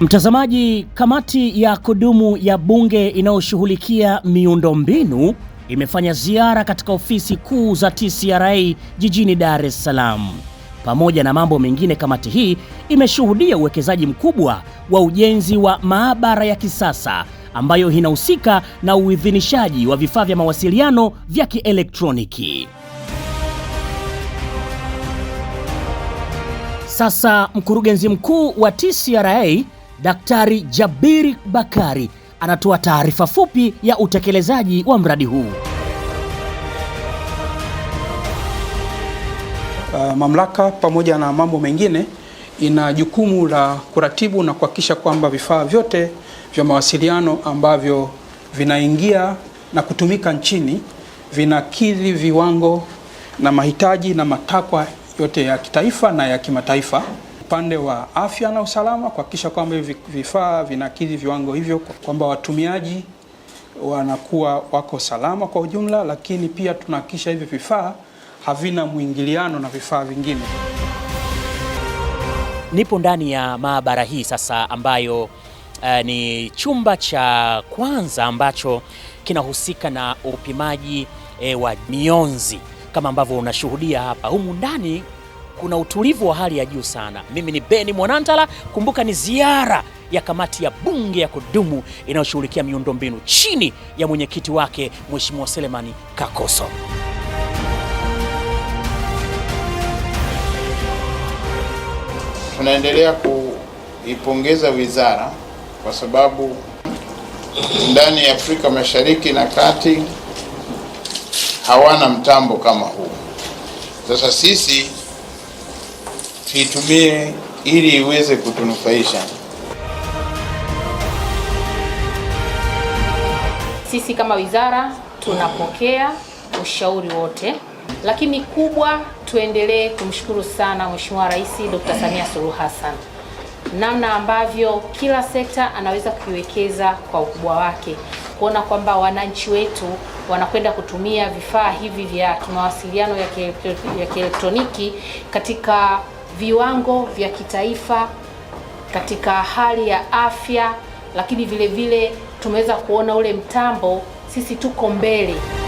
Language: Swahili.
Mtazamaji, kamati ya kudumu ya bunge inayoshughulikia miundombinu imefanya ziara katika ofisi kuu za TCRA jijini Dar es Salaam. Pamoja na mambo mengine, kamati hii imeshuhudia uwekezaji mkubwa wa ujenzi wa maabara ya kisasa ambayo inahusika na uidhinishaji wa vifaa vya mawasiliano vya kielektroniki. Sasa mkurugenzi mkuu wa TCRA Daktari Jabiri Bakari anatoa taarifa fupi ya utekelezaji wa mradi huu. Uh, mamlaka pamoja na mambo mengine ina jukumu la kuratibu na kuhakikisha kwamba vifaa vyote vya mawasiliano ambavyo vinaingia na kutumika nchini vinakidhi viwango na mahitaji na matakwa yote ya kitaifa na ya kimataifa upande wa afya na usalama, kuhakikisha kwamba hivi vifaa vinakidhi viwango hivyo, kwamba watumiaji wanakuwa wako salama kwa ujumla, lakini pia tunahakikisha hivi vifaa havina mwingiliano na vifaa vingine. Nipo ndani ya maabara hii sasa ambayo uh, ni chumba cha kwanza ambacho kinahusika na upimaji e, wa mionzi kama ambavyo unashuhudia hapa humu ndani kuna utulivu wa hali ya juu sana. Mimi ni Beni Mwanantala. Kumbuka ni ziara ya kamati ya bunge ya kudumu inayoshughulikia miundombinu chini ya mwenyekiti wake Mheshimiwa Selemani Kakoso. Tunaendelea kuipongeza wizara kwa sababu ndani ya Afrika Mashariki na Kati hawana mtambo kama huu. Sasa sisi tuitumie ili iweze kutunufaisha sisi. Kama wizara tunapokea ushauri wote, lakini kubwa tuendelee kumshukuru sana Mheshimiwa Rais Dr. Samia Suluhu Hassan namna ambavyo kila sekta anaweza kuiwekeza kwa ukubwa wake, kuona kwamba wananchi wetu wanakwenda kutumia vifaa hivi vya kimawasiliano ya kielektroniki katika viwango vya kitaifa katika hali ya afya, lakini vile vile tumeweza kuona ule mtambo, sisi tuko mbele.